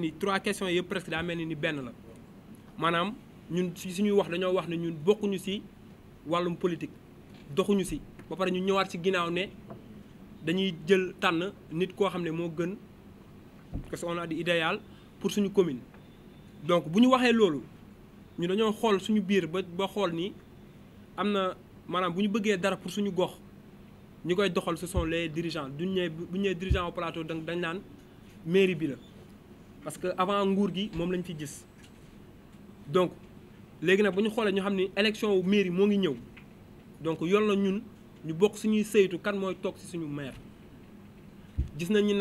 ni trois questions yëpp presque daa mel ni benn la maanaam ñun si suñuy wax dañoo wax ne ñun bokkuñu si wàllum politique doxuñu si ba pare ñu ñëwaat ci ginnaaw ne dañuy jël tànn nit koo xam ne moo gën parce qu'on a di pour suñu commune donc bu ñu waxee loolu ñu dañoo xool suñu biir ba ba xool ni am na maanaam bu ñu bëggee dara pour suñu gox ñu koy doxal ce sont les dirigeants duñ ñëwee bu ñëwee dirigeant au plateau dañ naan mairie bi la parce que avant nguur gi moom lañ fi gis donc léegi nak buñu xolé ñu xamni élection wu mairie mo ngi ñew donc yoon la ñun ñu bok suñuy saytu kan moy tok ci suñu maire gis nañ ni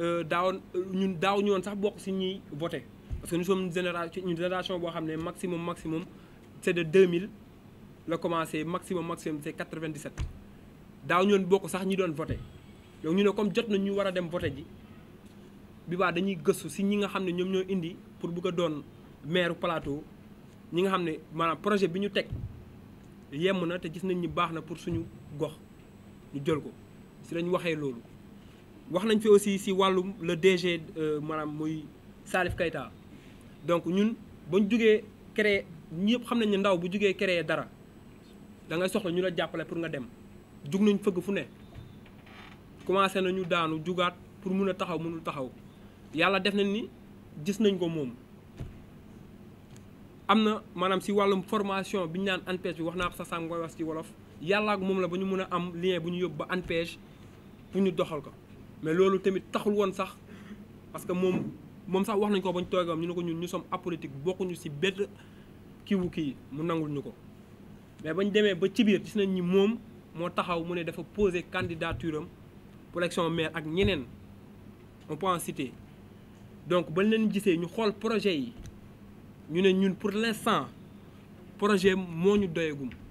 euh daawoon euh, ñun daaw ñu won sax bok ci ñi voter parce que nous sommes une génération une génération boo xam maximum maximum c'est de 2000 la commencé maximum maximum c'est 97 daaw ñu woon bokk sax ñi doon voter donc ñu ne comme jot na ñu wara dem voter ji. bi baa dañuy gëstu si ñi nga xam ne ñoom ñoo indi pour bu ko doon maire plateau ñi nga xam ne maanaam projet bi ñu teg yemm na te gis nañ ni baax na pour suñu gox ñu jël ko si lañ waxee loolu. wax nañ fi aussi si wàllum le DG euh, maanaam muy Salif Keita donc ñun bañ jugee créer ñëpp xam nañ ne ndaw bu jugee créer dara da ngay soxla ñu la jàppale pour nga dem jug nañ fëgg fu ne commencé ñu daanu jugaat pour mun a taxaw mënul taxaw. yàlla def na ni gis nañ ko moom am na maanaam si wàllum formation bi ñu naan ANPEJ bi wax naa ko sa sànq koy wax ci wolof yàlla ak moom la ba ñu mën a am lien bu ñu yóbbu ba ANPEJ pour ñu doxal ko mais loolu tamit taxul woon sax parce que moom moom sax wax nañ ko ba ñu toogam ñu ne ko ñun ñu sommes apolitique bokkuñu si benn kiwu kii mu nangul ñu ko mais bañ demee ba ci biir gis nañ ni moom moo taxaw mu ne dafa poser candidature am pour élection maire ak ñeneen on peut en citer donc, si nous disons, nous avons projet, nous avons pour l'instant, projet, plus important.